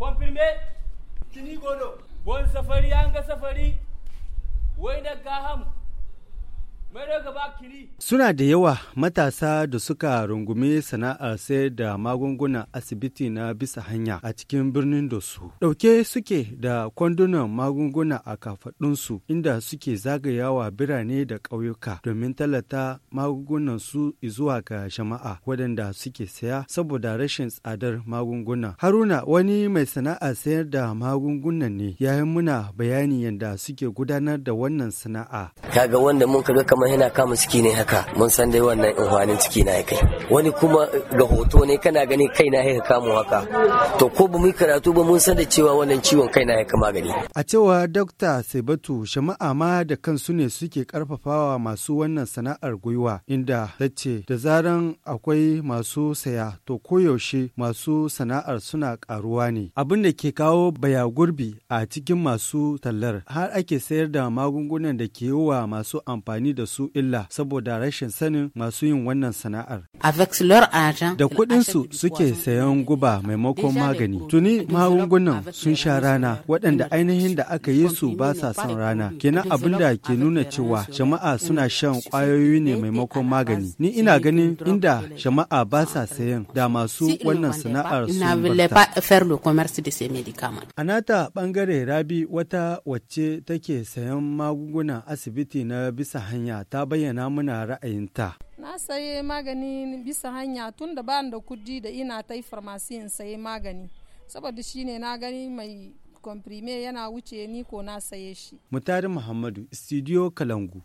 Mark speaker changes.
Speaker 1: confirme tini godo bon safari an ga safari wai da gaham Suna da yawa matasa da suka rungume sana'ar sayar da magungunan asibiti na bisa hanya a cikin birnin da su. Ɗauke suke da kwandunan magunguna a kafaɗunsu inda suke zagayawa birane da ƙauyuka domin talata magungunan su zuwa ga jama'a waɗanda suke saya saboda rashin tsadar magunguna. Haruna wani mai sana'a sayar da magungunan ne yayin muna bayani yadda suke gudanar da wannan sana'a.
Speaker 2: Kaga wanda mun kaga kamar yana kama ciki ne haka mun san dai wannan inhwanin ciki na ya kai wani kuma ga hoto ne kana gani kai na ya kamu haka to ko ba mu karatu ba mun san da cewa wannan ciwon kai na ya kama gani
Speaker 1: a cewa dokta saibatu shama'a ma da kansu ne suke karfafawa masu wannan sana'ar gwiwa inda ta da zaran akwai masu saya to koyaushe masu sana'ar suna karuwa ne abin da ke kawo baya gurbi a cikin masu tallar har ake sayar da magungunan da ke yi wa masu amfani da su illa saboda rashin sanin masu yin wannan sana'ar. Da kuɗinsu suke sayan guba maimakon magani. Tuni magungunan sun sha rana waɗanda ainihin da aka yi su ba sa son rana. Kenan abin da ke nuna cewa jama'a suna shan ƙwayoyi ne maimakon magani. Ni ina ganin inda jama'a ba sa sayan da masu wannan sana'ar sun A nata ɓangare Rabi wata wacce take sayan magungunan asibiti na bisa hanya ta ta bayyana muna ra'ayinta. Na saye magani bisa hanya tun da bani da kudi da ina ta yi farmasi in saye magani. Saboda shi ne na gani mai komprime yana wuce ni ko na saye shi. Mutari Muhammadu, Studio Kalangu.